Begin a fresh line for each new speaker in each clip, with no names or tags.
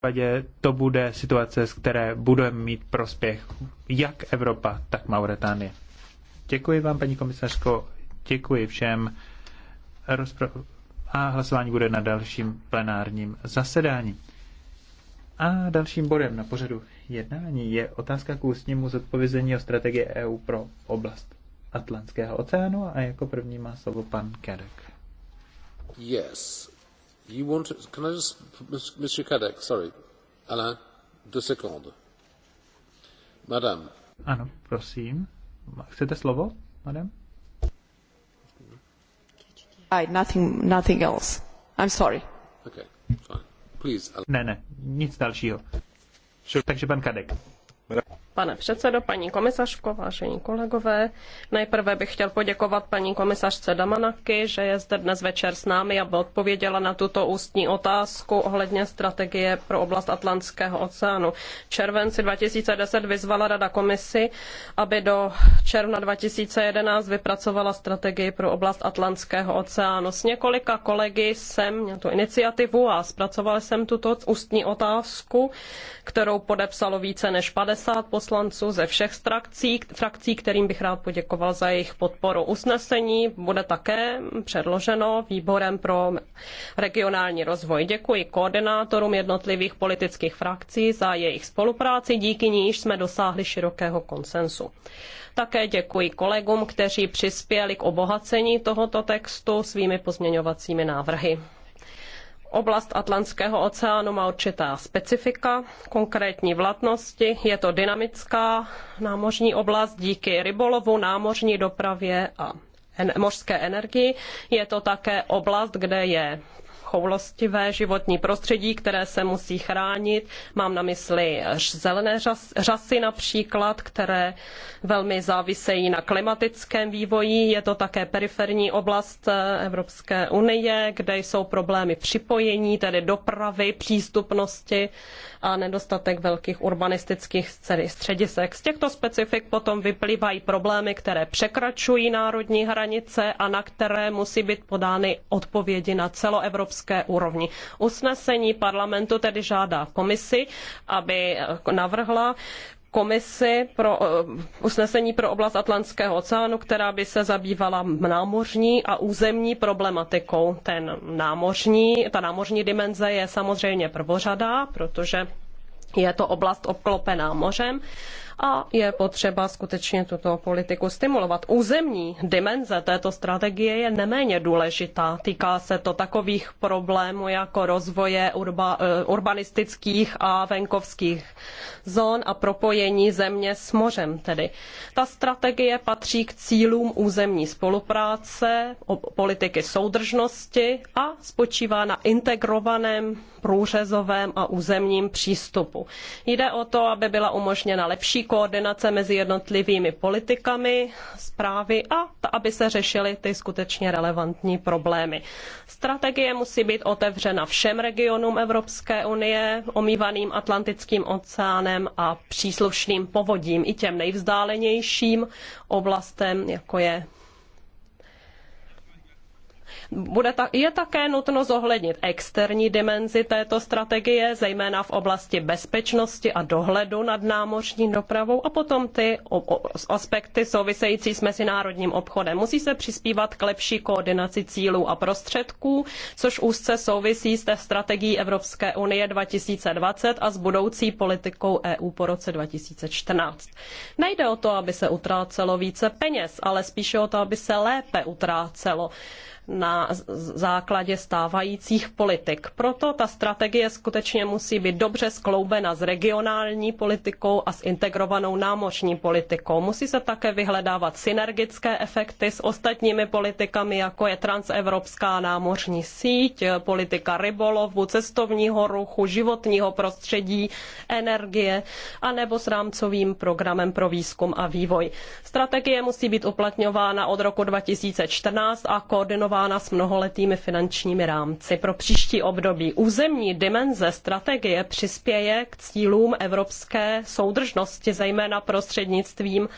případě to bude situace, z které budeme mít prospěch jak Evropa, tak Mauretánie. Děkuji vám, paní komisařko, děkuji všem. Rozpro... A hlasování bude na dalším plenárním zasedání. A dalším bodem na pořadu jednání je otázka k ústnímu zodpovězení o strategii EU pro oblast Atlantského oceánu a jako první má slovo pan Kerek. Yes. You want, can I sorry.
Alain, deux Madame.
Ano, prosím. Chcete slovo, madam?
I, nothing, nothing else. I'm
sorry. Okay, fine. Please. Ne, ne, nic dalšího. Takže pan Kadek. Pane předsedo, paní komisařko,
vážení kolegové, nejprve bych chtěl poděkovat paní komisařce Damanaky, že je zde dnes večer s námi, aby odpověděla na tuto ústní otázku ohledně strategie pro oblast Atlantského oceánu. V červenci 2010 vyzvala Rada komisi, aby do června 2011 vypracovala strategii pro oblast Atlantského oceánu. S několika kolegy jsem měl tu iniciativu a zpracoval jsem tuto ústní otázku, kterou podepsalo více než 50 poslanců poslanců ze všech frakcí, frakcí, kterým bych rád poděkoval za jejich podporu. Usnesení bude také předloženo výborem pro regionální rozvoj. Děkuji koordinátorům jednotlivých politických frakcí za jejich spolupráci, díky níž jsme dosáhli širokého konsensu. Také děkuji kolegům, kteří přispěli k obohacení tohoto textu svými pozměňovacími návrhy. Oblast Atlantského oceánu má určitá specifika, konkrétní vlastnosti. Je to dynamická námořní oblast díky rybolovu, námořní dopravě a mořské energii. Je to také oblast, kde je choulostivé životní prostředí, které se musí chránit. Mám na mysli zelené řasy například, které velmi závisejí na klimatickém vývoji. Je to také periferní oblast eh, Evropské unie, kde jsou problémy připojení, tedy dopravy, přístupnosti a nedostatek velkých urbanistických středisek. Z těchto specifik potom vyplývají problémy, které překračují národní hranice a na které musí být podány odpovědi na celoevropské evropské úrovni. Usnesení parlamentu tedy žádá komisi, aby eh, navrhla komisi pro eh, usnesení pro oblast Atlantského oceánu, která by se zabývala námořní a územní problematikou. Ten námořní, ta námořní dimenze je samozřejmě prvořadá, protože je to oblast obklopená mořem a je potřeba skutečně tuto politiku stimulovat. Územní dimenze této strategie je neméně důležitá. Týká se to takových problémů jako rozvoje urba, eh, urbanistických a venkovských zón a propojení země s mořem tedy. Ta strategie patří k cílům územní spolupráce, politiky soudržnosti a spočívá na integrovaném, průřezovém a územním přístupu. Jde o to, aby byla umožněna lepší koordinace mezi jednotlivými politikami, zprávy a aby se řešily ty skutečně relevantní problémy. Strategie musí být otevřena všem regionům Evropské unie, omývaným Atlantickým oceánem a příslušným povodím, i těm nejvzdálenějším oblastem, jako je bude ta, je také nutno zohlednit externí dimenzi této strategie, zejména v oblasti bezpečnosti a dohledu nad námořní dopravou a potom ty o, o, aspekty související s mezinárodním obchodem. Musí se přispívat k lepší koordinaci cílů a prostředků, což úzce souvisí s té strategií Evropské unie 2020 a s budoucí politikou EU po roce 2014. Nejde o to, aby se utrácelo více peněz, ale spíše o to, aby se lépe utrácelo na základě stávajících politik. Proto ta strategie skutečně musí být dobře skloubena s regionální politikou a s integrovanou námořní politikou. Musí se také vyhledávat synergické efekty s ostatními politikami, jako je transevropská námořní síť, politika rybolovu, cestovního ruchu, životního prostředí, energie, anebo s rámcovým programem pro výzkum a vývoj. Strategie musí být uplatňována od roku 2014 a koordinována kombinována s mnoholetými finančními rámci. Pro příští období územní dimenze strategie přispěje k cílům evropské soudržnosti, zejména prostřednictvím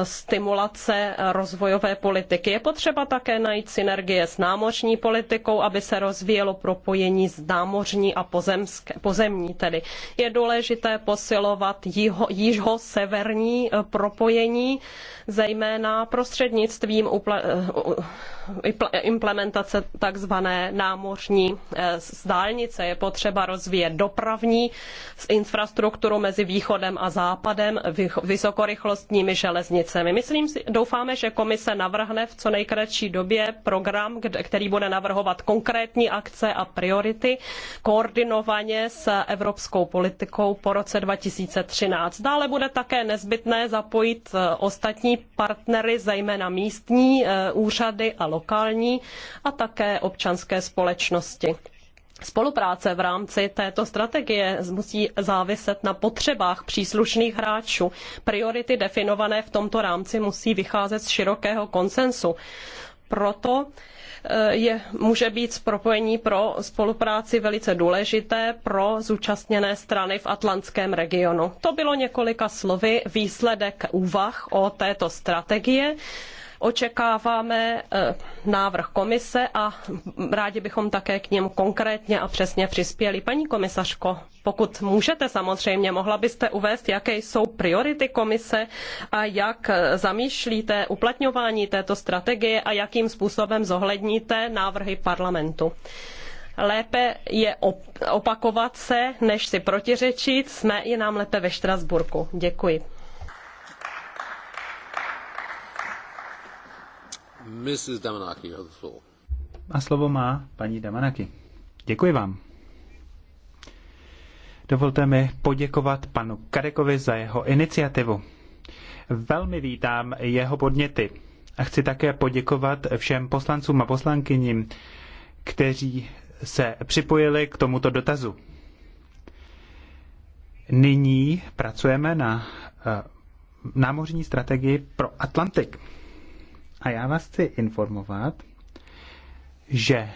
eh, stimulace rozvojové politiky. Je potřeba také najít synergie s námořní politikou, aby se rozvíjelo propojení s námořní a pozemské, pozemní. Tedy. Je důležité posilovat jiho, severní eh, propojení, zejména prostřednictvím upla- eh, implementace takzvané námořní eh, dálnice. Je potřeba rozvíjet dopravní infrastrukturu mezi východem a západem vysokorychlostními železnicemi. Myslím si, doufáme, že komise navrhne v co nejkratší době program, který bude navrhovat konkrétní akce a priority koordinovaně s evropskou politikou po roce 2013. Dále bude také nezbytné zapojit eh, ostatní partnery, zejména místní eh, úřady a lokální a také občanské společnosti. Spolupráce v rámci této strategie musí záviset na potřebách příslušných hráčů. Priority definované v tomto rámci musí vycházet z širokého konsensu. Proto eh, je, může být propojení pro spolupráci velice důležité pro zúčastněné strany v atlantském regionu. To bylo několika slovy výsledek úvah o této strategii. Očekáváme eh, návrh komise a rádi bychom také k němu konkrétně a přesně přispěli. Paní komisařko, pokud můžete samozřejmě, mohla byste uvést, jaké jsou priority komise a jak eh, zamýšlíte uplatňování této strategie a jakým způsobem zohledníte návrhy parlamentu lépe je opakovat se, než si protiřečit. Jsme i nám lépe ve Štrasburku. Děkuji.
A slovo má paní Damanaki. Děkuji vám. Dovolte mi poděkovat panu Karekovi za jeho iniciativu. Velmi vítám jeho podněty a chci také poděkovat všem poslancům a poslankyním, kteří se připojili k tomuto dotazu. Nyní pracujeme na eh, námořní strategii pro Atlantik. A já vás chci informovat, že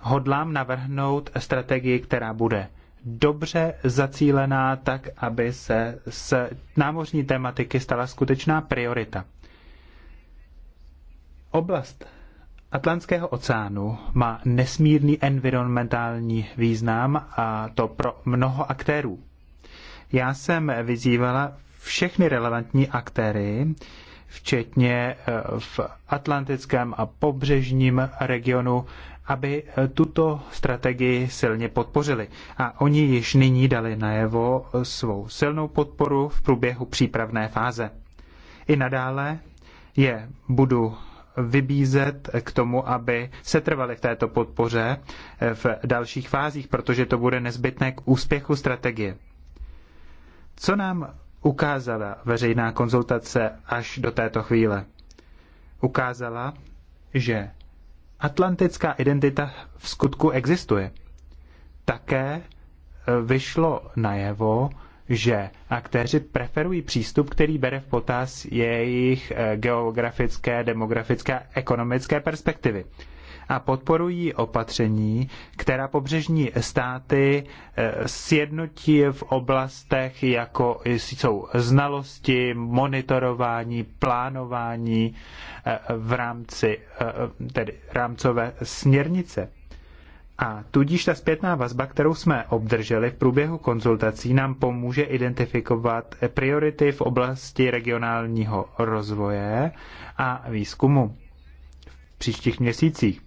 hodlám navrhnout strategii, která bude dobře zacílená tak, aby se z námořní tematiky stala skutečná priorita. Oblast Atlantského oceánu má nesmírný environmentální význam a to pro mnoho aktérů. Já jsem vyzývala všechny relevantní aktéry, včetně eh, v atlantickém a pobřežním regionu, aby eh, tuto strategii silně podpořili. A oni již nyní dali najevo eh, svou silnou podporu v průběhu přípravné fáze. I nadále je budu vybízet k tomu, aby se trvali v této podpoře v dalších fázích, protože to bude nezbytné k úspěchu strategie. Co nám ukázala veřejná konzultace až do této chvíle. Ukázala, že atlantická identita v skutku existuje. Také e, vyšlo najevo, že aktéři preferují přístup, který bere v potaz jejich e, geografické, demografické a ekonomické perspektivy a podporují opatření, která pobřežní státy eh, sjednotí v oblastech, jako jsou znalosti, monitorování, plánování eh, v rámci eh, tedy rámcové směrnice. A tudíž ta zpětná vazba, kterou jsme obdrželi v průběhu konzultací, nám pomůže identifikovat priority v oblasti regionálního rozvoje a výzkumu v příštích měsících.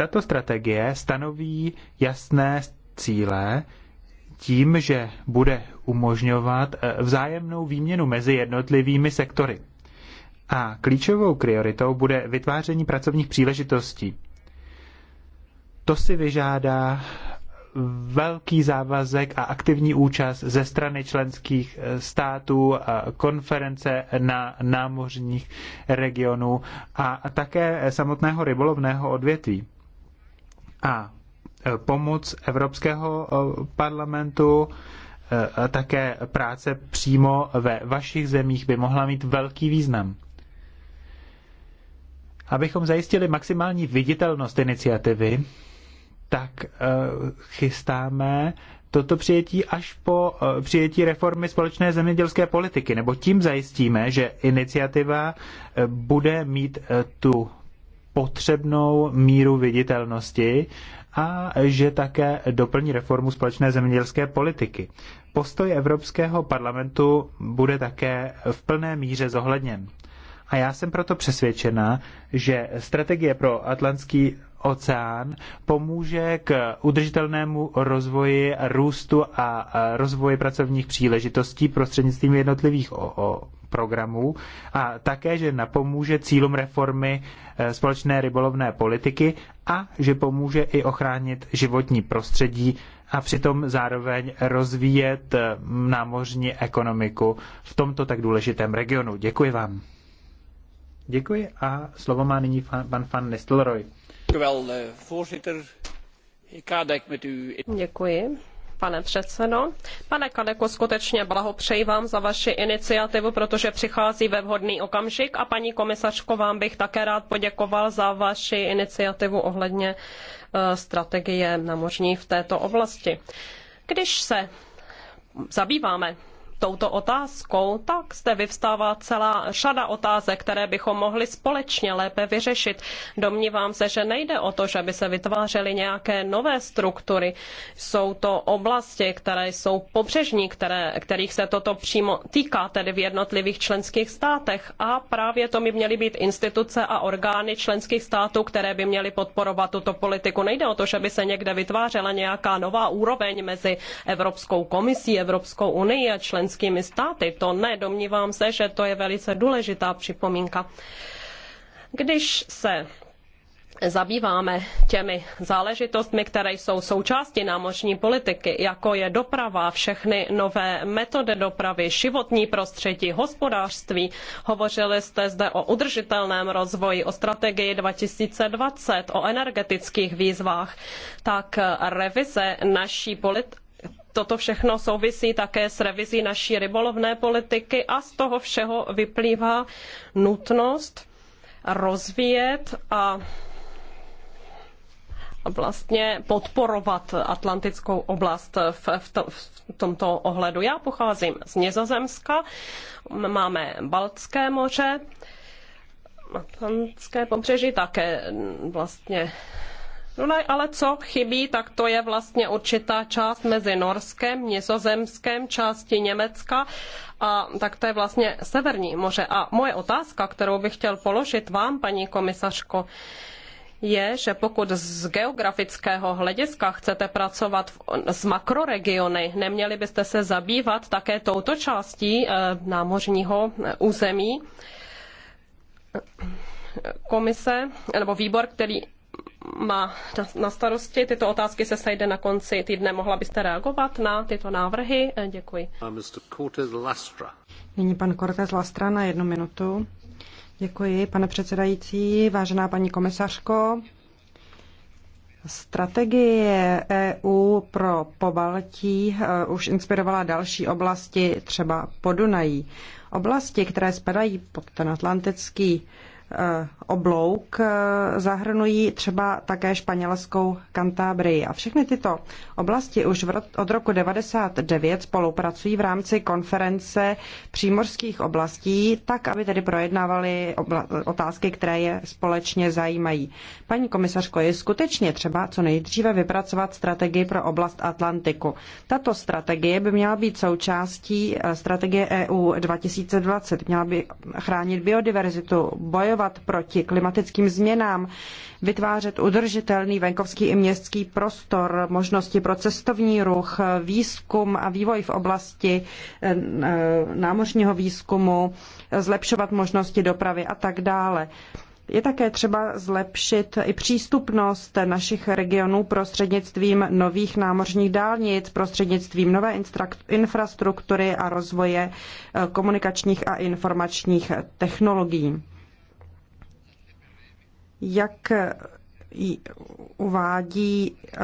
Tato strategie stanoví jasné cíle tím, že bude umožňovat eh, vzájemnou výměnu mezi jednotlivými sektory. A klíčovou prioritou bude vytváření pracovních příležitostí. To si vyžádá velký závazek a aktivní účast ze strany členských eh, států, konference na námořních regionů a také samotného rybolovného odvětví a e, pomoc Evropského e, parlamentu e, a také práce přímo ve vašich zemích by mohla mít velký význam. Abychom zajistili maximální viditelnost iniciativy, tak chystáme toto přijetí až po přijetí reformy společné zemědělské politiky, nebo tím zajistíme, že iniciativa bude mít tu potřebnou míru viditelnosti a že také doplní reformu společné zemědělské politiky. Postoj Evropského parlamentu bude také v plné míře zohledněn. A já jsem proto přesvědčena, že strategie pro Atlantský oceán pomůže k udržitelnému rozvoji růstu a rozvoji pracovních příležitostí prostřednictvím jednotlivých programů a také, že napomůže cílům reformy eh, společné rybolovné politiky a že pomůže i ochránit životní prostředí a přitom zároveň rozvíjet eh, námořní ekonomiku v tomto tak důležitém regionu. Děkuji vám. Děkuji a slovo má nyní pan Van Nistelrooy.
Děkuji pane předsedo. Pane Kadeko, skutečně blahopřeji vám za vaši iniciativu, protože přichází ve vhodný okamžik a paní komisařko, vám bych také rád poděkoval za vaši iniciativu ohledně eh, strategie námořní v této oblasti. Když se zabýváme touto otázkou, tak zde vyvstává celá řada otázek, které bychom mohli společně lépe vyřešit. Domnívám se, že nejde o to, že by se vytvářely nějaké nové struktury. Jsou to oblasti, které jsou pobřežní, které, kterých se toto přímo týká, tedy v jednotlivých členských státech. A právě to by měly být instituce a orgány členských států, které by měly podporovat tuto politiku. Nejde o to, že by se někde vytvářela nějaká nová úroveň mezi Evropskou komisí, Evropskou unii a členskými členskými státy. To ne, domnívám se, že to je velice důležitá připomínka. Když se zabýváme těmi záležitostmi, které jsou součástí námořní politiky, jako je doprava, všechny nové metody dopravy, životní prostředí, hospodářství. Hovořili jste zde o udržitelném rozvoji, o strategii 2020, o energetických výzvách. Tak revize naší politiky Toto všechno souvisí také s revizí naší rybolovné politiky a z toho všeho vyplývá nutnost rozvíjet a vlastně podporovat atlantickou oblast v, v, to, v tomto ohledu. Já pocházím z Nizozemska, máme Baltské moře, Atlantské pobřeží, také vlastně No ne, ale co chybí, tak to je vlastně určitá část mezi Norskem, Nizozemskem, části Německa a tak to je vlastně Severní moře. A moje otázka, kterou bych chtěl položit vám, paní komisařko, je, že pokud z geografického hlediska chcete pracovat v, s makroregiony, neměli byste se zabývat také touto částí e, námořního eh, území komise nebo výbor, který má na starosti. Tyto otázky se sejde na konci týdne. Mohla byste reagovat na tyto návrhy? Eh, děkuji.
Uh, Nyní pan Cortez Lastra na jednu minutu. Děkuji, pane předsedající, vážená paní komisařko. Strategie EU pro pobaltí eh, už inspirovala další oblasti, třeba Podunají. Oblasti, které spadají pod ten atlantický Eh, oblouk eh, zahrnují třeba také španělskou Kantábrii. A všechny tyto oblasti už od roku 1999 spolupracují v rámci konference přímořských oblastí, tak aby tedy projednávali otázky, které je společně zajímají. Paní komisařko, je skutečně třeba co nejdříve vypracovat strategii pro oblast Atlantiku. Tato strategie by měla být součástí eh, strategie EU 2020, měla by chránit biodiverzitu, bojovat bojovat proti klimatickým změnám, vytvářet udržitelný venkovský i městský prostor, možnosti pro cestovní ruch, výzkum a vývoj v oblasti eh, námořního výzkumu, zlepšovat možnosti dopravy a tak dále. Je také třeba zlepšit i přístupnost našich regionů prostřednictvím nových námořních dálnic, prostřednictvím nové infrastruktury a rozvoje eh, komunikačních a informačních technologií. Jak eh, uvádí eh,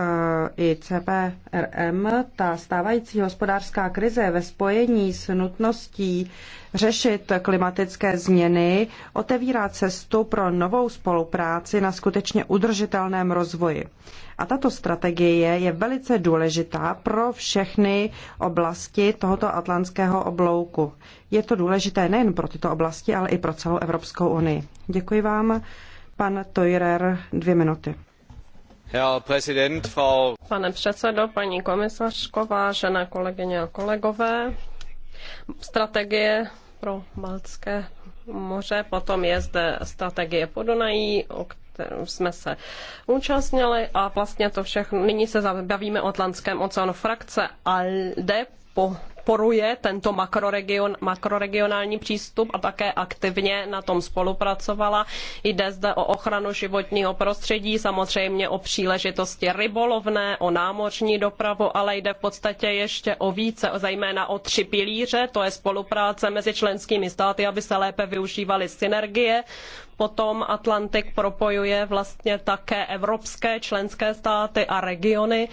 i CPRM, ta stávající hospodářská krize ve spojení s nutností řešit klimatické změny otevírá cestu pro novou spolupráci na skutečně udržitelném rozvoji. A tato strategie je velice důležitá pro všechny oblasti tohoto atlantského oblouku. Je to důležité nejen pro tyto oblasti, ale i pro celou Evropskou unii. Děkuji vám. Pan Toirer, dvě minuty.
Pane předsedo, paní komisařko, vážené kolegyně a kolegové, strategie pro Baltské moře, potom je zde strategie Podunají, o kterou jsme se účastnili a vlastně to všechno, nyní se bavíme o Atlantském oceánu frakce ALDE po podporuje tento makroregion, makroregionální přístup a také aktivně na tom spolupracovala. Jde zde o ochranu životního prostředí, samozřejmě o příležitosti rybolovné, o námořní dopravu, ale jde v podstatě ještě o více, zejména o tři pilíře, to je spolupráce mezi členskými státy, aby se lépe využívaly synergie, potom Atlantik propojuje vlastně také evropské členské státy a regiony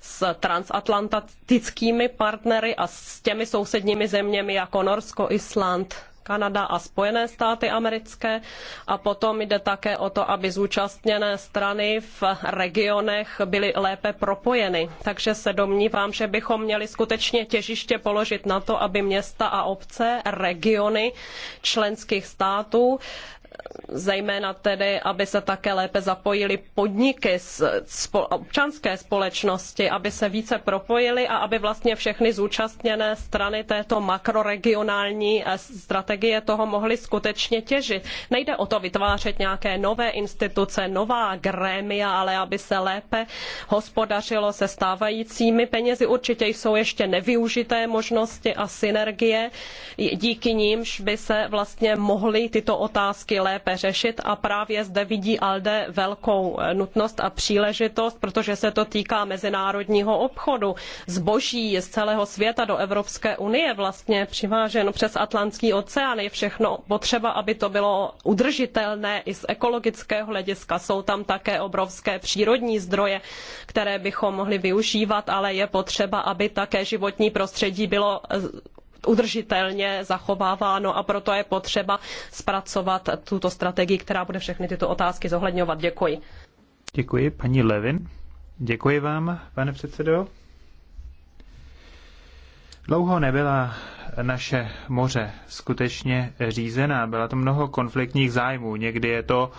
s transatlantickými partnery a s těmi sousedními zeměmi jako Norsko, Island, Kanada a Spojené státy americké. A potom jde také o to, aby zúčastněné strany v regionech byly lépe propojeny. Takže se domnívám, že bychom měli skutečně těžiště položit na to, aby města a obce, regiony členských států zejména tedy, aby se také lépe zapojily podniky z občanské společnosti, aby se více propojily a aby vlastně všechny zúčastněné strany této makroregionální eh, strategie toho mohly skutečně těžit. Nejde o to vytvářet nějaké nové instituce, nová grémia, ale aby se lépe hospodařilo se stávajícími penězi. Určitě jsou ještě nevyužité možnosti a synergie, díky nímž by se vlastně mohly tyto otázky lépe řešit a právě zde vidí ALDE velkou nutnost a příležitost, protože se to týká mezinárodního obchodu. Zboží z celého světa do Evropské unie vlastně přiváženo přes Atlantský oceán je všechno potřeba, aby to bylo udržitelné i z ekologického hlediska. Jsou tam také obrovské přírodní zdroje, které bychom mohli využívat, ale je potřeba, aby také životní prostředí bylo udržitelně zachováváno a proto je potřeba zpracovat tuto strategii, která bude všechny tyto otázky zohledňovat.
Děkuji. Děkuji, paní Levin. Děkuji vám, pane předsedo. Dlouho nebyla naše moře skutečně řízená. Byla to mnoho konfliktních zájmů. Někdy je to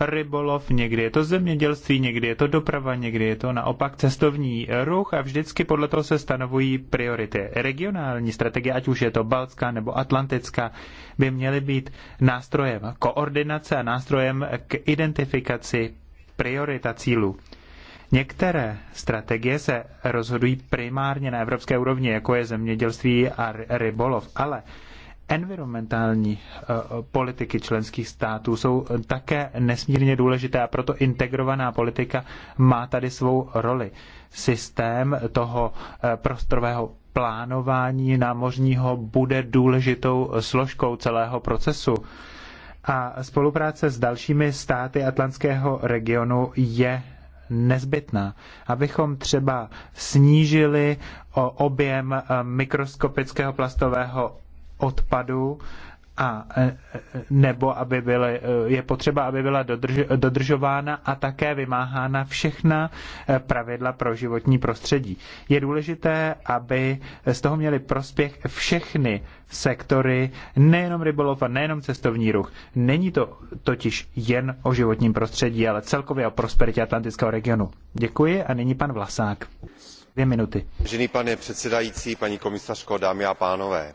rybolov, někdy je to zemědělství, někdy je to doprava, někdy je to naopak cestovní ruch a vždycky podle toho se stanovují priority. Regionální strategie, ať už je to baltská nebo atlantická, by měly být nástrojem koordinace a nástrojem k identifikaci priorita cílů. Některé strategie se rozhodují primárně na evropské úrovni, jako je zemědělství a rybolov, ale environmentální eh, politiky členských států jsou také nesmírně důležité a proto integrovaná politika má tady svou roli. Systém toho eh, prostorového plánování námořního bude důležitou složkou celého procesu a spolupráce s dalšími státy Atlantského regionu je nezbytná. Abychom třeba snížili objem eh, mikroskopického plastového odpadu a e, e, nebo aby byly, e, je potřeba, aby byla dodrž, dodržována a také vymáhána všechna pravidla pro životní prostředí. Je důležité, aby z toho měli prospěch všechny sektory, nejenom rybolov a nejenom cestovní ruch. Není to totiž jen o životním prostředí, ale celkově o prosperitě Atlantického regionu. Děkuji a nyní pan Vlasák. Dvě minuty.
Vážený pane předsedající, paní komisařko, dámy a pánové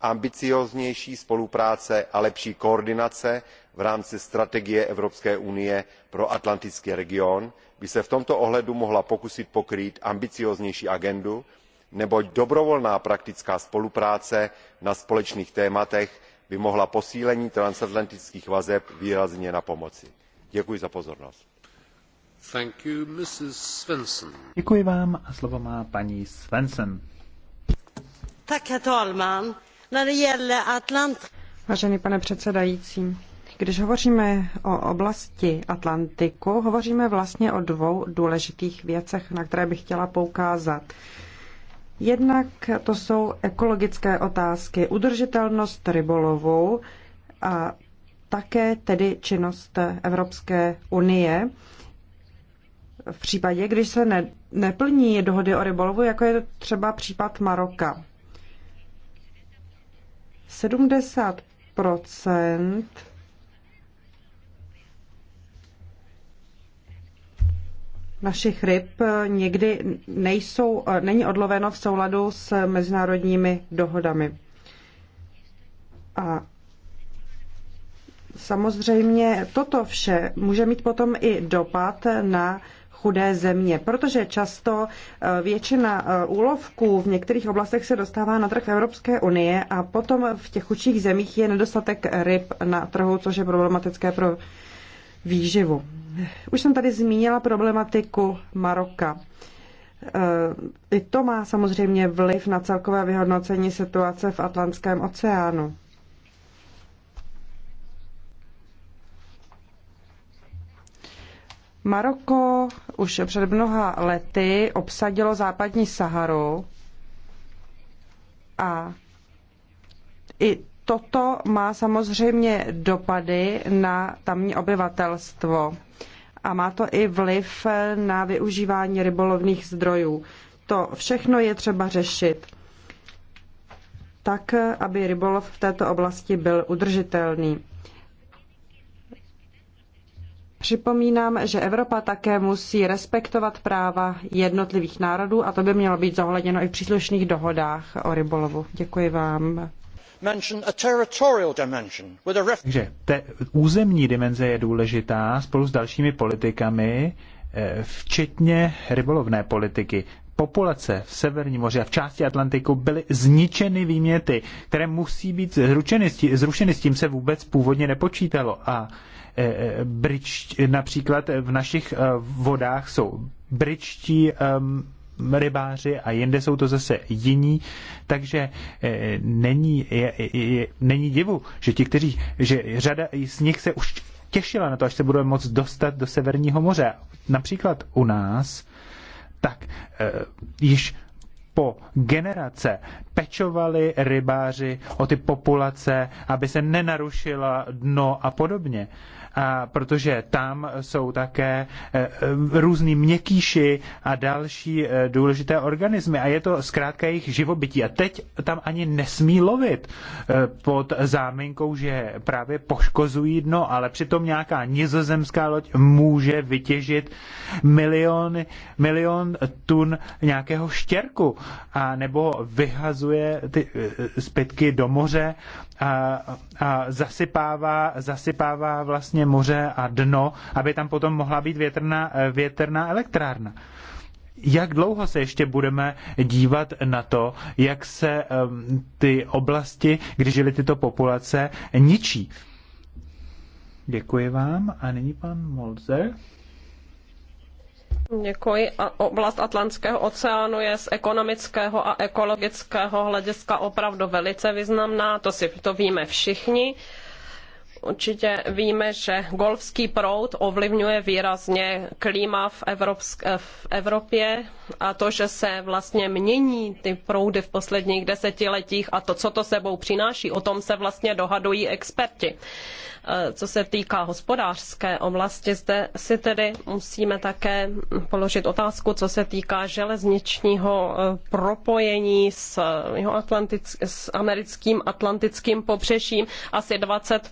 ambicióznější spolupráce a lepší koordinace v rámci strategie evropské unie pro atlantický region by se v tomto ohledu mohla pokusit pokrýt ambicióznější agendu neboť dobrovolná praktická spolupráce na společných tématech by mohla posílení transatlantických vazeb výrazně napomoci. děkuji za pozornost.
děkuji vám a paní svensson. Vážený pane předsedající,
když hovoříme o oblasti Atlantiku, hovoříme vlastně o dvou důležitých věcech, na které bych chtěla poukázat. Jednak to jsou ekologické otázky, udržitelnost rybolovu a také tedy činnost Evropské unie. V případě, když se ne, neplní dohody o rybolovu, jako je třeba případ Maroka. 70 našich ryb někdy nejsou, není odloveno v souladu s mezinárodními dohodami. A samozřejmě toto vše může mít potom i dopad na chudé země, protože často eh, většina eh, úlovků v některých oblastech se dostává na trh Evropské unie a potom v těch chudších zemích je nedostatek ryb na trhu, což je problematické pro výživu. Už jsem tady zmínila problematiku Maroka. Eh, I to má samozřejmě vliv na celkové vyhodnocení situace v Atlantském oceánu. Maroko už před mnoha lety obsadilo západní Saharu a i toto má samozřejmě dopady na tamní obyvatelstvo a má to i vliv na využívání rybolovných zdrojů. To všechno je třeba řešit tak, aby rybolov v této oblasti byl udržitelný. Připomínám, že Evropa také musí respektovat práva jednotlivých národů a to by mělo být zohledněno i v příslušných dohodách o rybolovu. Děkuji vám.
Takže te, územní dimenze je důležitá spolu s dalšími politikami, Eh, včetně rybolovné politiky. Populace v Severním moři a v části Atlantiku byly zničeny výměty, které musí být zrušeny, zrušeny s tím se vůbec původně nepočítalo. A eh, brič, například v našich eh, vodách jsou bričtí ehm, rybáři a jinde jsou to zase jiní, takže není, je, je, není divu, že ti, kteří, že řada z nich se už těšila na to, až se budeme moc dostat do Severního moře. Například u nás, tak e, již po generace pečovali rybáři o ty populace, aby se nenarušila dno a podobně a protože tam jsou také eh, různý měkýši a další eh, důležité organismy a je to zkrátka jejich živobytí. A teď tam ani nesmí lovit eh, pod záminkou, že právě poškozují dno, ale přitom nějaká nizozemská loď může vytěžit milion, milion tun nějakého štěrku a nebo vyhazuje ty zbytky do moře a, a zasypává, zasypává vlastně moře a dno, aby tam potom mohla být větrná, větrná elektrárna. Jak dlouho se ještě budeme dívat na to, jak se um, ty oblasti, kde žily tyto populace, ničí? Děkuji vám. A nyní pan Molzer.
Děkuji. Oblast Atlantského oceánu je z ekonomického a ekologického hlediska opravdu velice významná, to si to víme všichni. Určitě víme, že golfský proud ovlivňuje výrazně klima v, Evropsk- eh, v Evropě a to, že se vlastně mění ty proudy v posledních desetiletích a to, co to sebou přináší, o tom se vlastně dohadují experti. Eh, co se týká hospodářské oblasti, zde si tedy musíme také položit otázku, co se týká železničního eh, propojení s, jeho atlantic, s americkým atlantickým pobřežím. Asi 20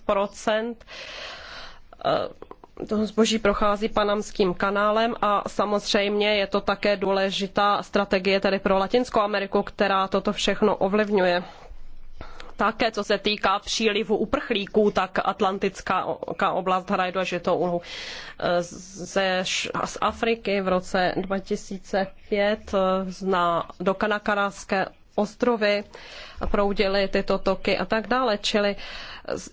Eh, toho zboží prochází panamským kanálem a samozřejmě je to také důležitá strategie tedy pro Latinskou Ameriku, která toto všechno ovlivňuje. Také co se týká přílivu uprchlíků, tak Atlantická oblast hraje důležitou úlohu. Eh, ze, z Afriky v roce 2005 eh, na, do kanakarské ostrovy proudily tyto toky a tak dále. Čili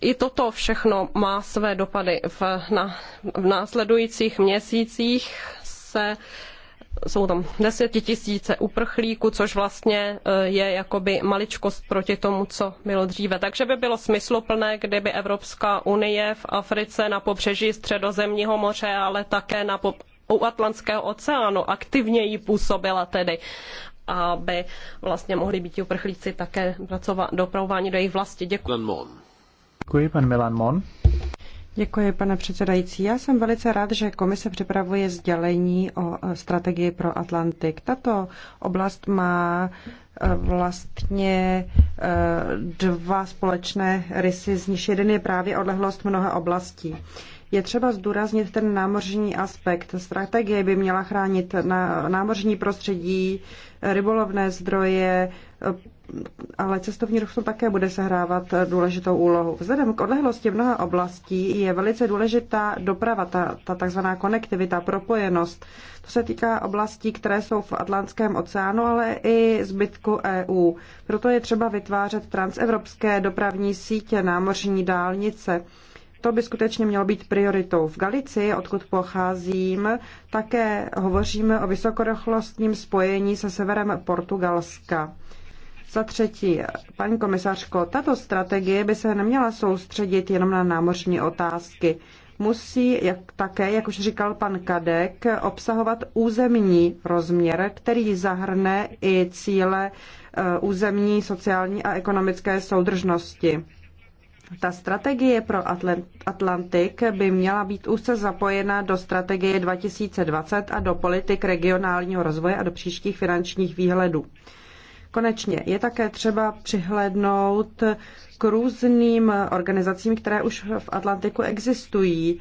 i toto všechno má své dopady. V, na, v následujících měsících se jsou tam desetitisíce uprchlíků, což vlastně eh, je jakoby maličkost proti tomu, co bylo dříve. Takže by bylo smysluplné, kdyby Evropská unie v Africe na pobřeží Středozemního moře, ale také na po- u Atlantského oceánu aktivněji působila tedy aby vlastně mohli být uprchlíci
také dopravováni do jejich vlasti. Děkuji.
Děkuji, pan Milan Mon.
Děkuji, pane předsedající. Já jsem velice rád, že komise připravuje sdělení o e, strategii pro Atlantik. Tato oblast má e, vlastně e, dva společné rysy, z nich jeden je právě odlehlost mnoha oblastí. Je třeba zdůraznit ten námořní aspekt. Strategie by měla chránit námořní prostředí, rybolovné zdroje, ale cestovní ruch také bude sehrávat důležitou úlohu. Vzhledem k odlehlosti mnoha oblastí je velice důležitá doprava, ta, ta takzvaná konektivita, propojenost. To se týká oblastí, které jsou v Atlantském oceánu, ale i zbytku EU. Proto je třeba vytvářet transevropské dopravní sítě, námořní dálnice to by skutečně mělo být prioritou. V Galici, odkud pocházím, také hovoříme o vysokorychlostním spojení se severem Portugalska. Za třetí, paní komisařko, tato strategie by se neměla soustředit jenom na námořní otázky. Musí jak, také, jak už říkal pan Kadek, obsahovat územní rozměr, který zahrne i cíle eh, územní, sociální a ekonomické soudržnosti. Ta strategie pro Atlantik by měla být úzce zapojena do strategie 2020 a do politik regionálního rozvoje a do příštích finančních výhledů. Konečně je také třeba přihlédnout k různým organizacím, které už v Atlantiku existují.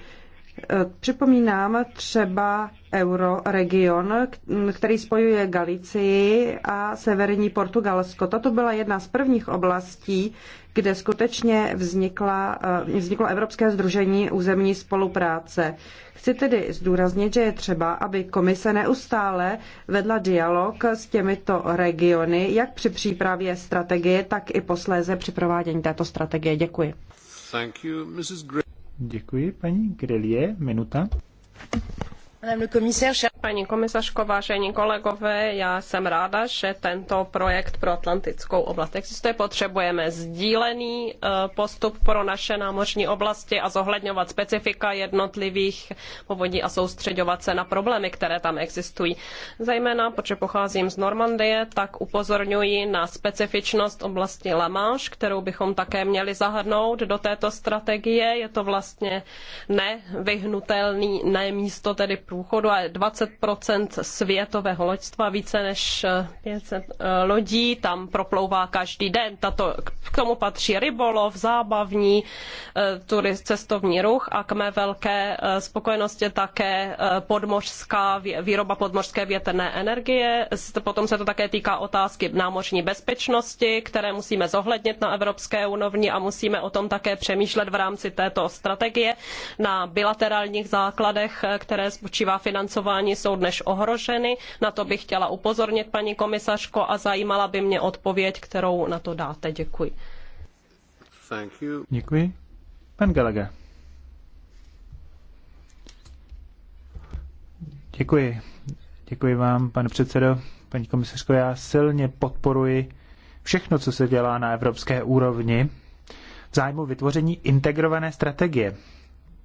Eh, připomínám třeba euroregion, který spojuje Galicii a severní Portugalsko. Toto byla jedna z prvních oblastí, kde skutečně vznikla, eh, vzniklo Evropské združení územní spolupráce. Chci tedy zdůraznit, že je třeba, aby komise neustále vedla dialog s těmito regiony, jak při přípravě strategie, tak i posléze při provádění této strategie. Děkuji.
Thank you, Mrs. Děkuji, paní Grelie. Minuta.
Paní komisařko, vážení kolegové, já jsem ráda, že tento projekt pro Atlantickou oblast existuje. Potřebujeme sdílený eh, postup pro naše námořní oblasti a zohledňovat specifika jednotlivých povodí a soustředovat se na problémy, které tam existují. Zejména, protože pocházím z Normandie, tak upozorňuji na specifičnost oblasti La Manche, kterou bychom také měli zahrnout do této strategie. Je to vlastně nevyhnutelné, místo tedy důchodu a 20 světového loďstva, více než 500 eh, eh, lodí tam proplouvá každý den. Tato, k tomu patří rybolov, zábavní, eh, turist, cestovní ruch a k mé velké spokojenosti také podmořská výroba podmořské větrné energie. Potom se to také týká otázky námořní bezpečnosti, které musíme zohlednit na evropské úrovni a musíme o tom také přemýšlet v rámci této strategie na bilaterálních základech, které spočívají perspektiva financování jsou dnes ohroženy. Na to bych chtěla upozornit, paní komisařko, a zajímala by mě odpověď, kterou na to dáte. Děkuji.
Děkuji. Pan Gallagher. Děkuji. Děkuji vám, pane předsedo. Paní komisařko, já silně podporuji všechno, co se dělá na evropské úrovni v zájmu vytvoření integrované strategie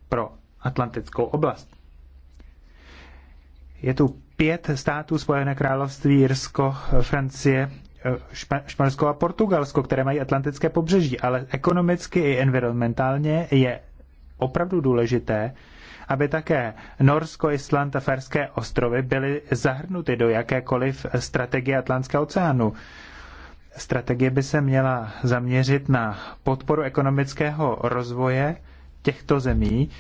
pro atlantickou oblast. Je tu pět států, Spojené království, Jirsko, Francie, Španělsko a Portugalsko, které mají atlantické pobřeží, ale ekonomicky i environmentálně je opravdu důležité, aby také Norsko, Island a Ferské ostrovy byly zahrnuty do jakékoliv strategie Atlantského oceánu. Strategie by se měla zaměřit na podporu ekonomického rozvoje těchto zemí.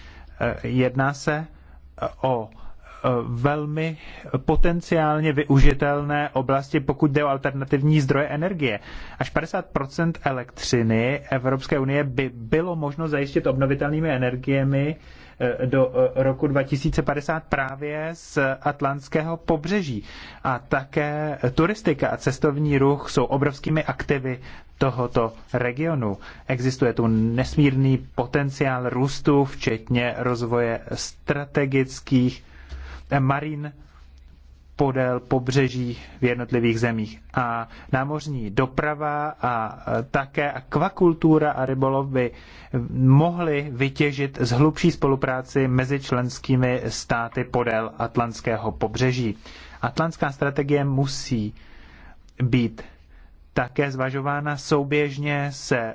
Eh, jedná se o velmi potenciálně využitelné oblasti, pokud jde o alternativní zdroje energie. Až 50% elektřiny Evropské unie by bylo možno zajistit obnovitelnými energiemi eh, do eh, roku 2050 právě z atlantského pobřeží. A také turistika a cestovní ruch jsou obrovskými aktivy tohoto regionu. Existuje tu nesmírný potenciál růstu, včetně rozvoje strategických Eh, marín podél pobřeží v jednotlivých zemích. A námořní doprava a eh, také akvakultura a rybolov by mohly vytěžit z hlubší spolupráci mezi členskými státy podél atlantského pobřeží. Atlantská strategie musí být také zvažována souběžně se e,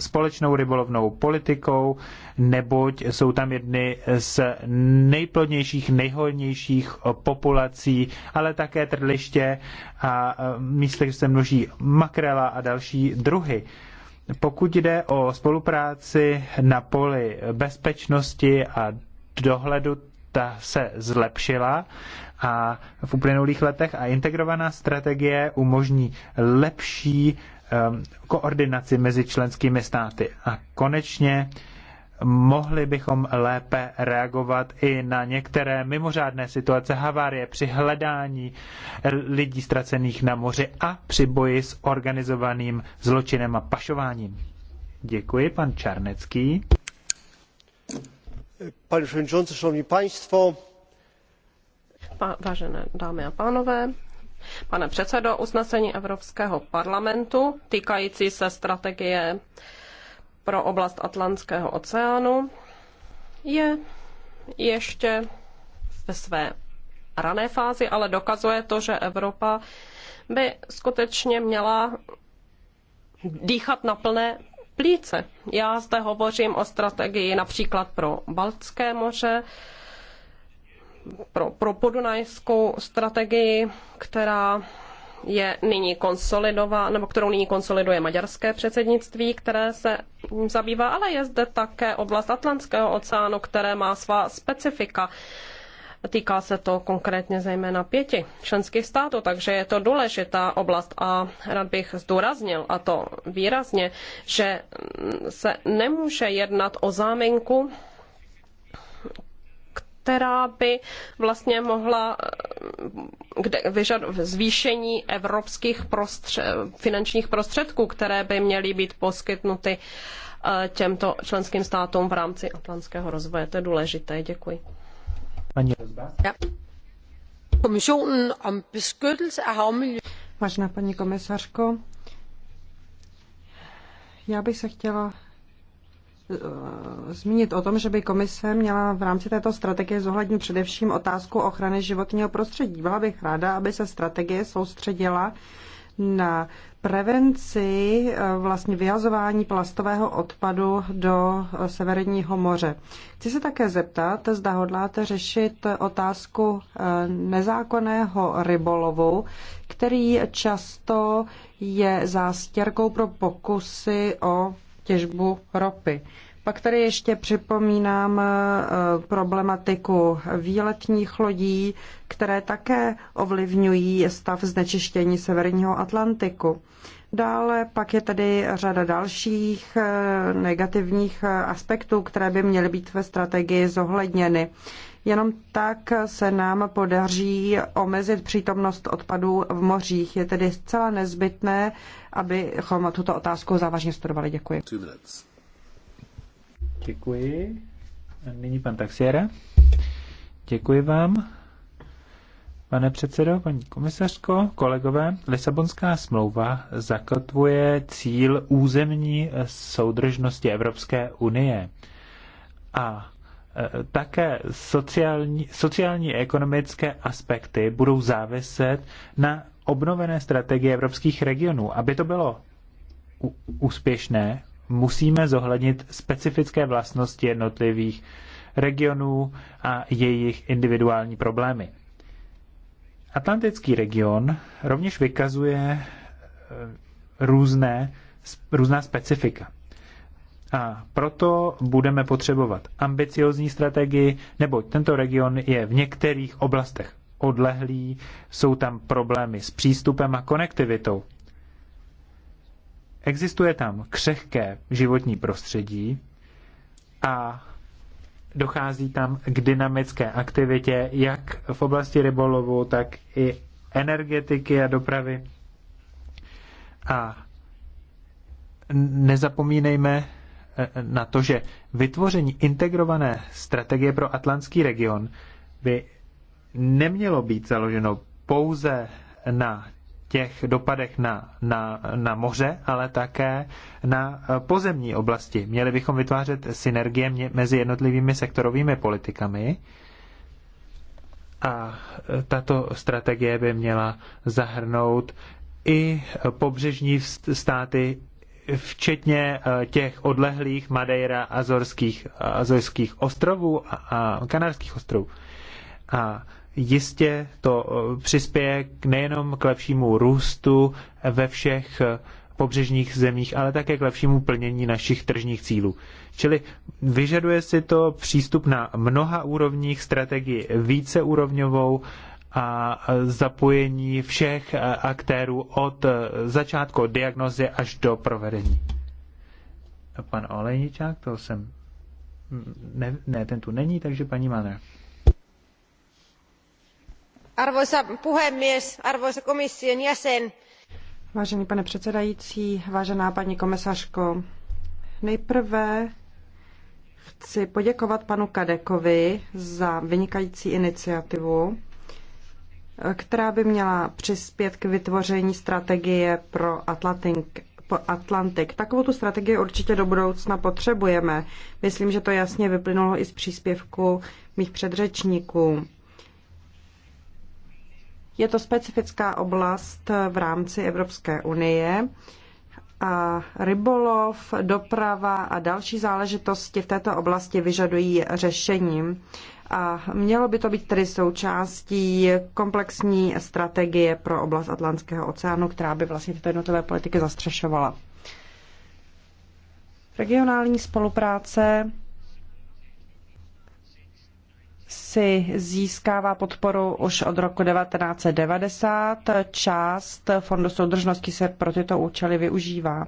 společnou rybolovnou politikou, neboť jsou tam jedny z nejplodnějších, nejhojnějších populací, ale také trliště a e, místech, kde se množí makrela a další druhy. Pokud jde o spolupráci na poli bezpečnosti a dohledu, ta se zlepšila a v uplynulých letech a integrovaná strategie umožní lepší um, koordinaci mezi členskými státy. A konečně mohli bychom lépe reagovat i na některé mimořádné situace havárie při hledání lidí ztracených na moři a při boji s organizovaným zločinem a pašováním. Děkuji, pan Čarnecký.
Pane Przewodniczący, Szanowni Państwo, Vážené
dámy a pánové, pane předsedo, usnesení Evropského parlamentu týkající se strategie pro oblast Atlantského oceánu je ještě ve své rané fázi, ale dokazuje to, že Evropa by skutečně měla dýchat na plné plíce. Já zde hovořím o strategii například pro Baltské moře, pro, pro podunajskou strategii, která je nyní konsolidová, nebo kterou nyní konsoliduje maďarské předsednictví, které se zabývá, ale je zde také oblast Atlantského oceánu, které má svá specifika. Týká se to konkrétně zejména pěti členských států, takže je to důležitá oblast a rád bych zdůraznil, a to výrazně, že se nemůže jednat o záminku, která by vlastně mohla kde, vyžad, zvýšení evropských prostře, finančních prostředků, které by měly být poskytnuty eh, těmto členským státům v rámci atlantského
rozvoje. To je důležité. Děkuji. Paní Ja. Vážená paní komisařko, já bych se chtěla Eh, zmínit o tom, že by komise měla v rámci této strategie zohlednit především otázku ochrany životního prostředí. Byla bych ráda, aby se strategie soustředila na prevenci eh, vlastně vyhazování plastového odpadu do eh, Severního moře. Chci se také zeptat, zda hodláte řešit otázku nezákonného rybolovu, který často je zástěrkou pro pokusy o těžbu ropy. Pak tady ještě připomínám eh, problematiku výletních lodí, které také ovlivňují stav znečištění severního Atlantiku. Dále pak je tady řada dalších eh, negativních eh, aspektů, které by měly být ve strategii zohledněny. Jenom tak se nám podaří omezit přítomnost odpadů v mořích. Je tedy zcela nezbytné, abychom
tuto otázku závažně studovali. Děkuji. Děkuji. A nyní pan Taxiera. Děkuji vám. Pane předsedo, paní komisařko, kolegové, Lisabonská smlouva zakotvuje cíl územní soudržnosti Evropské unie. A Eh, také sociální, sociální a ekonomické aspekty budou záviset na obnovené strategii evropských regionů. Aby to bylo úspěšné, musíme zohlednit specifické vlastnosti jednotlivých regionů a jejich individuální problémy. Atlantický region rovněž vykazuje eh, různé, různá specifika. A proto budeme potřebovat ambiciozní strategii, neboť tento region je v některých oblastech odlehlý, jsou tam problémy s přístupem a konektivitou. Existuje tam křehké životní prostředí a dochází tam k dynamické aktivitě jak v oblasti rybolovu, tak i energetiky a dopravy. A nezapomínejme, na to, že vytvoření integrované strategie pro atlantský region by nemělo být založeno pouze na těch dopadech na, na, na moře, ale také na pozemní oblasti. Měli bychom vytvářet synergie mezi jednotlivými sektorovými politikami a tato strategie by měla zahrnout i pobřežní státy, včetně eh, těch odlehlých Madeira, Azorských, Azorských ostrovů a Kanárských ostrovů. A jistě to eh, přispěje nejenom k lepšímu růstu ve všech eh, pobřežních zemích, ale také k lepšímu plnění našich tržních cílů. Čili vyžaduje si to přístup na mnoha úrovních, strategii víceúrovňovou a zapojení všech aktérů od začátku diagnozy až do provedení. Pan Olejničák, to jsem... Ne, ne, ten tu není, takže paní Manner.
Arvoisa puhemies, arvoisa komission jäsen. Vážený pane předsedající, vážená paní komisařko, nejprve chci poděkovat panu Kadekovi za vynikající iniciativu která by měla přispět k vytvoření strategie pro Atlantik. Atlantik. Takovou tu strategii určitě do budoucna potřebujeme. Myslím, že to jasně vyplynulo i z příspěvku mých předřečníků. Je to specifická oblast v rámci Evropské unie a rybolov, doprava a další záležitosti v této oblasti vyžadují řešení a mělo by to být tedy součástí komplexní strategie pro oblast Atlantského oceánu, která by vlastně tyto jednotlivé politiky zastřešovala. Regionální spolupráce si získává podporu už od roku 1990. Část Fondu soudržnosti se pro tyto účely využívá.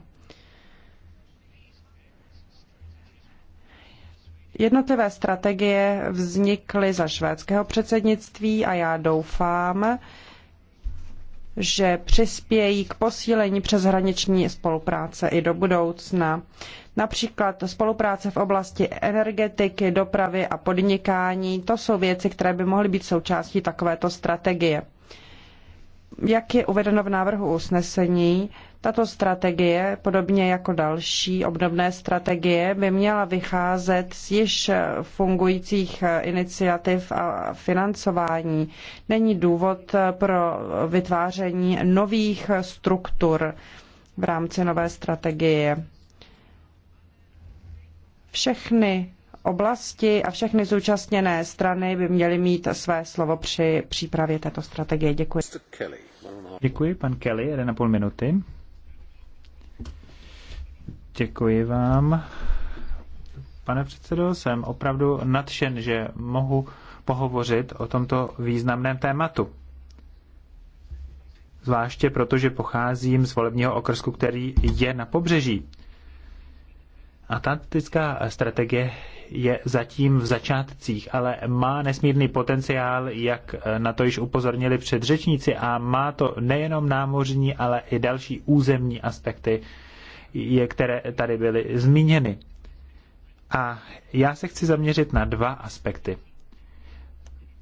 Jednotlivé strategie vznikly za švédského předsednictví a já doufám, že přispějí k posílení přeshraniční spolupráce i do budoucna. Například spolupráce v oblasti energetiky, dopravy a podnikání, to jsou věci, které by mohly být součástí takovéto strategie. Jak je uvedeno v návrhu usnesení, tato strategie, podobně jako další obdobné strategie, by měla vycházet z již fungujících iniciativ a financování. Není důvod pro vytváření nových struktur v rámci nové strategie. Všechny oblasti a všechny zúčastněné strany by měly mít své slovo při přípravě této strategie. Děkuji.
Děkuji, pan Kelly, půl minuty. Děkuji vám. Pane předsedo, jsem opravdu nadšen, že mohu pohovořit o tomto významném tématu. Zvláště proto, že pocházím z volebního okrsku, který je na pobřeží. a ta strategie je zatím v začátcích, ale má nesmírný potenciál, jak eh, na to již upozornili předřečníci, a má to nejenom námořní, ale i další územní aspekty, které tady byly zmíněny. A já se chci zaměřit na dva aspekty.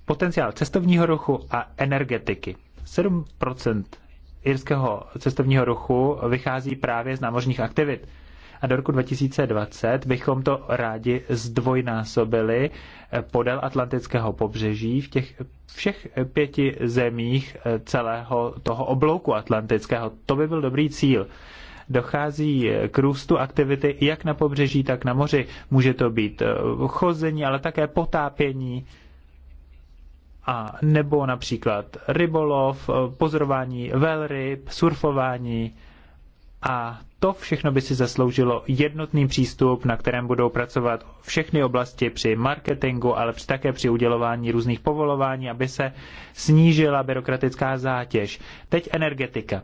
Potenciál cestovního ruchu a energetiky. 7 irského cestovního ruchu vychází právě z námořních aktivit a do roku 2020 bychom to rádi zdvojnásobili eh, podél Atlantického pobřeží v těch všech pěti zemích eh, celého toho oblouku Atlantického. To by byl dobrý cíl dochází eh, k růstu aktivity jak na pobřeží, tak na moři. Může to být chození, ale také potápění a nebo například rybolov, pozorování velryb, surfování a to všechno by si zasloužilo jednotný přístup, na kterém budou pracovat všechny oblasti při marketingu, ale také při udělování různých povolování, aby se snížila byrokratická zátěž. Teď energetika.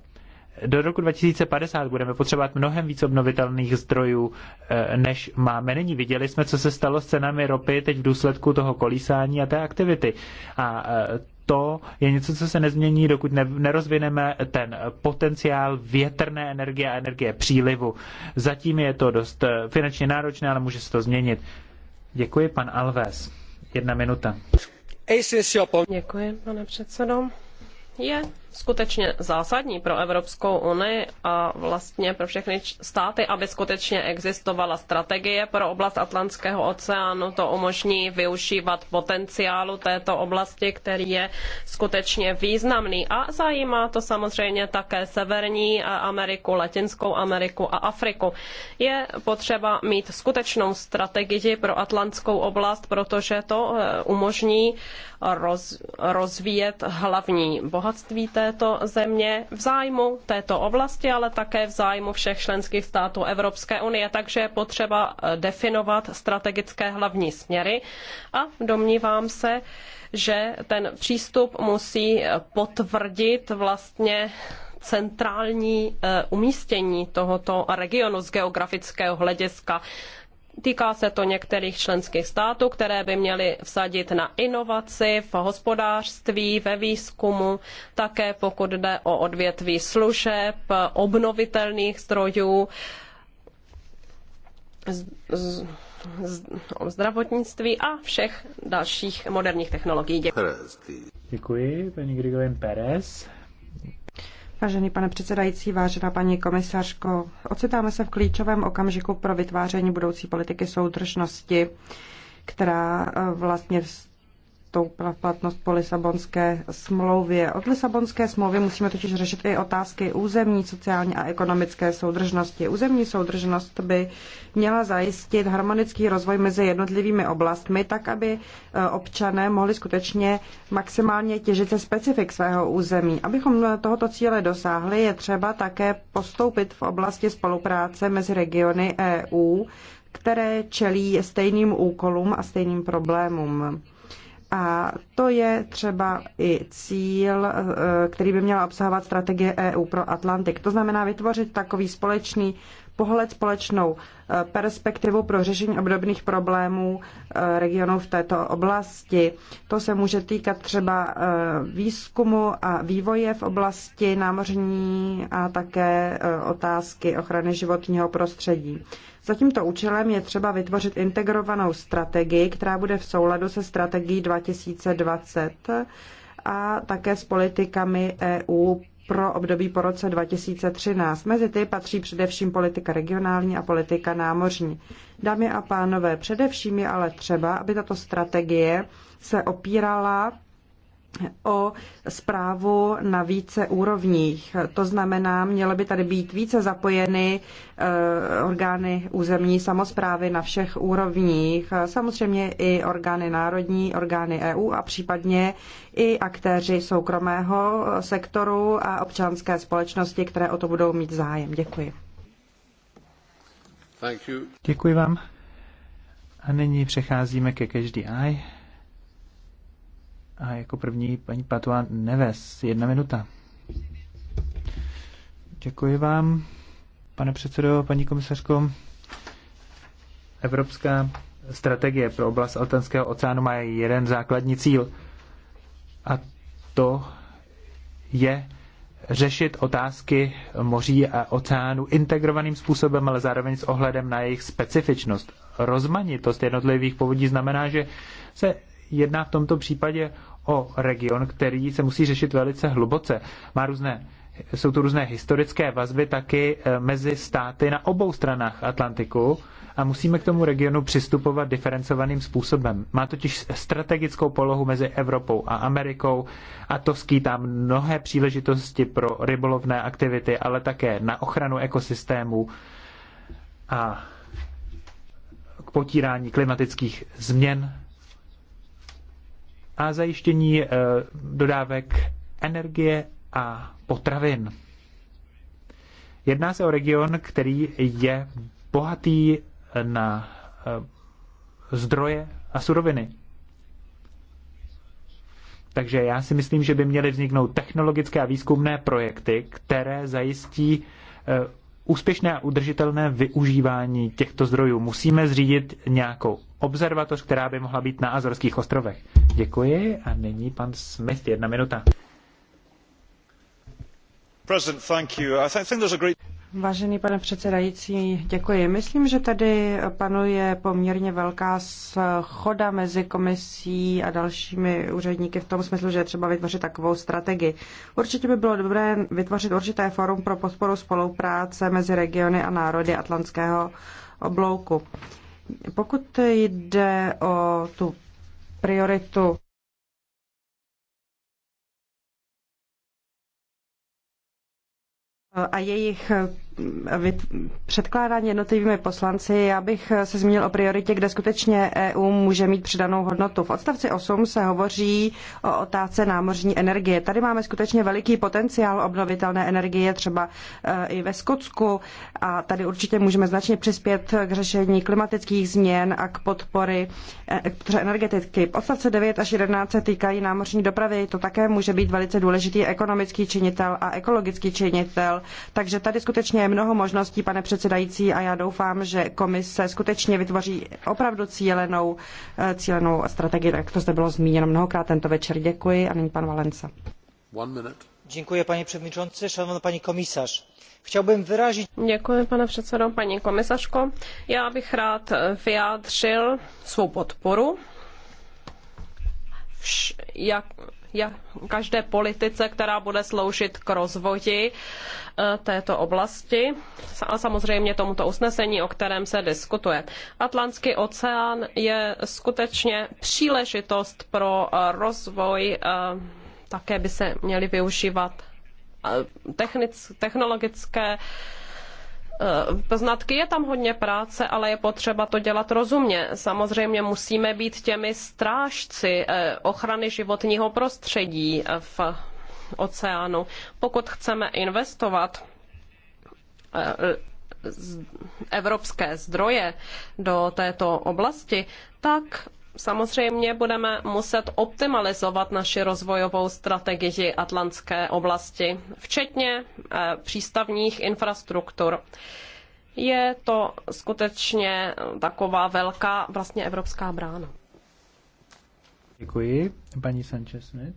Do roku 2050 budeme potřebovat mnohem víc obnovitelných zdrojů, eh, než máme nyní. Viděli jsme, co se stalo s cenami ropy teď v důsledku toho kolísání a té aktivity. A eh, to je něco, co se nezmění, dokud ne, nerozvineme ten potenciál větrné energie a energie přílivu. Zatím je to dost eh, finančně náročné, ale může se to změnit. Děkuji, pan Alves. Jedna minuta. Děkuji, pane
předsedo. Je skutečně zásadní pro Evropskou unii a vlastně pro všechny státy, aby skutečně existovala strategie pro oblast Atlantského oceánu. To umožní využívat potenciálu této oblasti, který je skutečně významný. A zajímá to samozřejmě také Severní Ameriku, Latinskou Ameriku a Afriku. Je potřeba mít skutečnou strategii pro Atlantskou oblast, protože to eh, umožní roz, rozvíjet hlavní bohatství této země v zájmu této oblasti, ale také v zájmu všech členských států Evropské unie. Takže je potřeba eh, definovat strategické hlavní směry a domnívám se, že ten přístup musí eh, potvrdit vlastně centrální eh, umístění tohoto regionu z geografického hlediska. Týká se to některých členských států, které by měly vsadit na inovaci v hospodářství, ve výzkumu, také pokud jde o odvětví služeb, obnovitelných zdrojů, z, z, z, no, zdravotnictví a všech dalších moderních technologií. Děkuji.
Děkuji, paní Perez.
Vážený pane předsedající, vážená paní komisařko, ocitáme se v klíčovém okamžiku pro vytváření budoucí politiky soudržnosti, která eh, vlastně vstoupila v platnost po Lisabonské smlouvě. Od Lisabonské smlouvy musíme totiž řešit i otázky územní, sociální a ekonomické soudržnosti. Územní soudržnost by měla zajistit harmonický rozvoj mezi jednotlivými oblastmi, tak aby e, občané mohli skutečně maximálně těžit se specifik svého území. Abychom tohoto cíle dosáhli, je třeba také postoupit v oblasti spolupráce mezi regiony EU, které čelí stejným úkolům a stejným problémům. A to je třeba i cíl, eh, který by měla obsahovat strategie EU pro Atlantik. To znamená vytvořit takový společný pohled, společnou eh, perspektivu pro řešení obdobných problémů eh, regionů v této oblasti. To se může týkat třeba výzkumu a vývoje v oblasti námořní a také otázky ochrany životního prostředí. Za tímto účelem je třeba vytvořit integrovanou strategii, která bude v souladu se strategií 2020 a také s politikami EU pro období po roce 2013. Mezi ty patří především politika regionální a politika námořní. Dámy a pánové, především je ale třeba, aby tato strategie se opírala o zprávu na více úrovních. To znamená, měly by tady být více zapojeny eh, orgány územní samozprávy na všech úrovních, samozřejmě i orgány národní, orgány EU a případně i aktéři soukromého sektoru a občanské společnosti, které o to budou mít zájem. Děkuji.
Děkuji vám. A nyní přecházíme ke každý eye. A jako první paní Patua Neves, jedna minuta. Děkuji vám, pane předsedo, paní komisařko. Evropská strategie pro oblast Altanského oceánu má jeden základní cíl a to je řešit otázky moří a oceánu integrovaným způsobem, ale zároveň s ohledem na jejich specifičnost. Rozmanitost jednotlivých povodí znamená, že se jedná v tomto případě o region, který se musí řešit velice hluboce. Má různé, jsou tu různé historické vazby taky eh, mezi státy na obou stranách Atlantiku a musíme k tomu regionu přistupovat diferencovaným způsobem. Má totiž strategickou polohu mezi Evropou a Amerikou a to skýtá mnohé příležitosti pro rybolovné aktivity, ale také na ochranu ekosystémů a k potírání klimatických změn a zajištění eh, dodávek energie a potravin. Jedná se o region, který je bohatý na eh, zdroje a suroviny. Takže já si myslím, že by měly vzniknout technologické a výzkumné projekty, které zajistí eh, úspěšné a udržitelné využívání těchto zdrojů. Musíme zřídit nějakou observatoř, která by mohla být na Azorských ostrovech. Děkuji a nyní pan Smith, jedna minuta.
Vážený pane předsedající, děkuji. Myslím, že tady panuje poměrně velká schoda mezi komisí a dalšími úředníky v tom smyslu, že je třeba vytvořit takovou strategii. Určitě by bylo dobré vytvořit určité forum pro podporu spolupráce mezi regiony a národy Atlantského oblouku. Pokud jde o tu prioritu a jejich předkládání jednotlivými poslanci, já bych se zmínil o prioritě, kde skutečně EU může mít přidanou hodnotu. V odstavci 8 se hovoří o otázce námořní energie. Tady máme skutečně veliký potenciál obnovitelné energie, třeba e, i ve Skotsku a tady určitě můžeme značně přispět k řešení klimatických změn a k podpory e, energetiky. Odstavce 9 až 11 se týkají námořní dopravy, to také může být velice důležitý ekonomický činitel a ekologický činitel, takže tady skutečně mnoho možností, pane předsedající, a já doufám, že komise skutečně vytvoří opravdu cílenou, eh, cílenou strategii, tak to zde bylo zmíněno mnohokrát tento večer. Děkuji a nyní pan Valenca. Děkuji, paní předsedající, šanovná paní komisař. Chciałbym wyrazić... Děkuji, pane předsedo,
paní komisařko. Já bych rád eh, vyjádřil svou podporu jak každé politice, která bude sloužit k rozvoji eh, této oblasti a samozřejmě tomuto usnesení, o kterém se diskutuje. Atlantský oceán je skutečně příležitost pro rozvoj, eh, také by se měly využívat eh, technologické Eh, poznatky. Je tam hodně práce, ale je potřeba to dělat rozumně. Samozřejmě musíme být těmi strážci eh, ochrany životního prostředí eh, v oceánu. Pokud chceme investovat evropské zdroje do této oblasti, tak samozřejmě budeme muset optimalizovat naši rozvojovou strategii Atlantské oblasti, včetně eh, přístavních infrastruktur. Je to skutečně eh, taková velká vlastně evropská brána.
Děkuji. Paní Sanchez -Smith.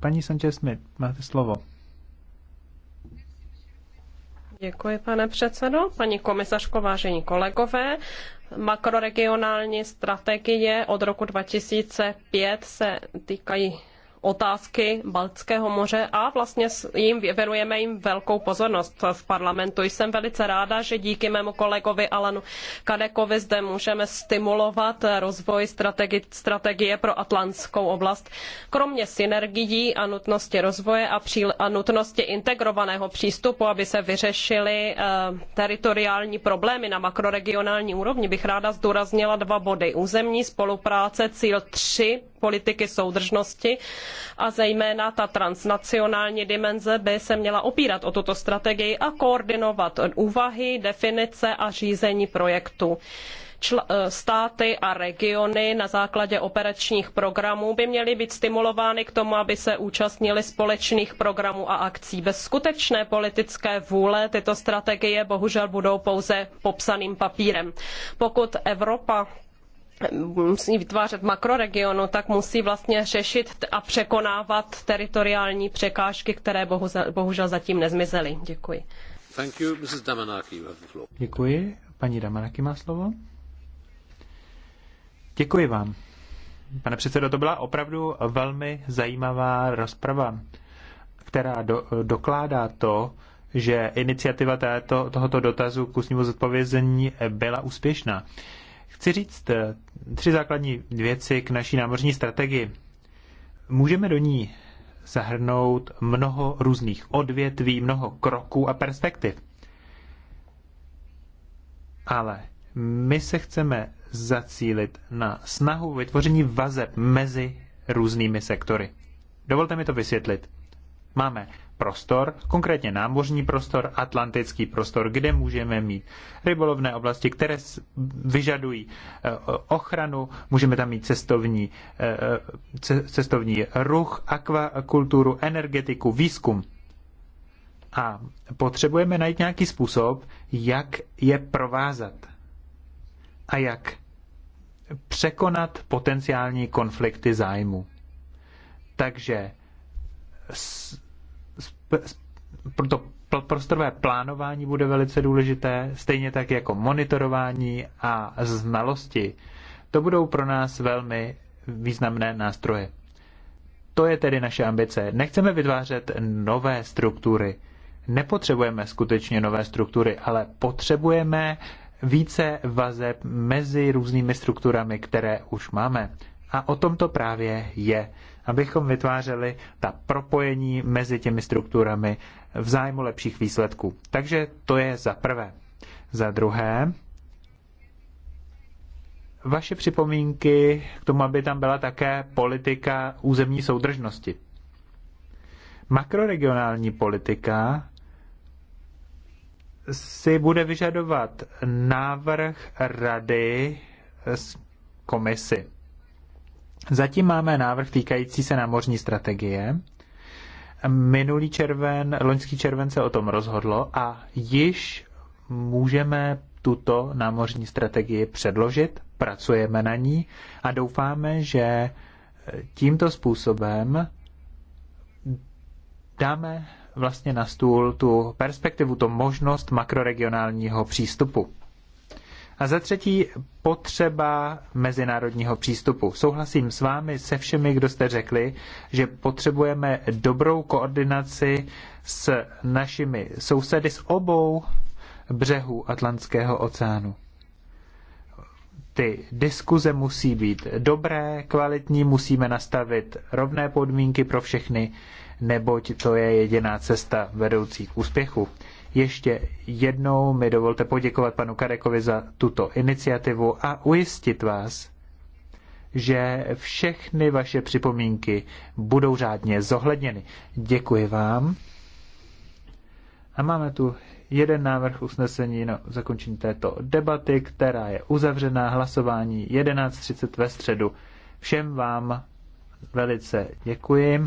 Paní Sanchez Smith, máte slovo.
Děkuji, pane předsedo. Paní komisařko, vážení kolegové, makroregionální strategie od roku 2005 se týkají otázky Baltského moře a vlastně jim věnujeme jim velkou pozornost v parlamentu. Jsem velice ráda, že díky mému kolegovi Alanu Kadekovi zde můžeme stimulovat rozvoj strategi- strategie pro atlantskou oblast. Kromě synergií a nutnosti rozvoje a, a nutnosti integrovaného přístupu, aby se vyřešily eh, teritoriální problémy na makroregionální úrovni, bych ráda zdůraznila dva body. Územní spolupráce cíl 3 politiky soudržnosti a zejména ta transnacionální dimenze by se měla opírat o tuto strategii a koordinovat úvahy, definice a řízení projektu eh, státy a regiony na základě operačních programů by měly být stimulovány k tomu, aby se účastnili společných programů a akcí. Bez skutečné politické vůle tyto strategie bohužel budou pouze popsaným papírem. Pokud Evropa musí vytvářet makroregionu, tak musí vlastně řešit a překonávat teritoriální překážky, které bohužel zatím nezmizely. Děkuji.
Thank you, Mrs. Damanaki, you have the floor. Děkuji. Paní Damanaki má slovo. Děkuji vám. Pane předsedo, to byla opravdu velmi zajímavá rozprava, která do, dokládá to, že iniciativa této, tohoto dotazu k ústnímu zodpovězení byla úspěšná. Chci říct eh, tři základní věci k naší námořní strategii. Můžeme do ní zahrnout mnoho různých odvětví, mnoho kroků a perspektiv. Ale my se chceme zacílit na snahu vytvoření vazeb mezi různými sektory. Dovolte mi to vysvětlit. Máme prostor, konkrétně námořní prostor, atlantický prostor, kde můžeme mít rybolovné oblasti, které vyžadují e, ochranu, můžeme tam mít cestovní, e, e, cestovní ruch, akvakulturu, energetiku, výzkum. A potřebujeme najít nějaký způsob, jak je provázat a jak překonat potenciální konflikty zájmu. Takže to prostorové plánování bude velice důležité, stejně tak jako monitorování a znalosti. To budou pro nás velmi významné nástroje. To je tedy naše ambice. Nechceme vytvářet nové struktury. Nepotřebujeme skutečně nové struktury, ale potřebujeme více vazeb mezi různými strukturami, které už máme. A o tom to právě je abychom vytvářeli ta propojení mezi těmi strukturami v zájmu lepších výsledků. Takže to je za prvé. Za druhé, vaše připomínky k tomu, aby tam byla také politika územní soudržnosti. Makroregionální politika si bude vyžadovat návrh rady z komisy. Zatím máme návrh týkající se námořní strategie. Minulý červen, loňský červen se o tom rozhodlo a již můžeme tuto námořní strategii předložit, pracujeme na ní a doufáme, že tímto způsobem dáme vlastně na stůl tu perspektivu, tu možnost makroregionálního přístupu. A za třetí, potřeba mezinárodního přístupu. Souhlasím s vámi, se všemi, kdo jste řekli, že potřebujeme dobrou koordinaci s našimi sousedy z obou břehů Atlantského oceánu. Ty diskuze musí být dobré, kvalitní, musíme nastavit rovné podmínky pro všechny, neboť to je jediná cesta vedoucí k úspěchu. Ještě jednou mi dovolte poděkovat panu Karekovi za tuto iniciativu a ujistit vás, že všechny vaše připomínky budou řádně zohledněny. Děkuji vám. A máme tu jeden návrh usnesení na zakončení této debaty, která je uzavřená hlasování 11.30 ve středu. Všem vám velice děkuji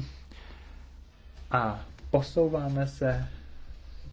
a posouváme se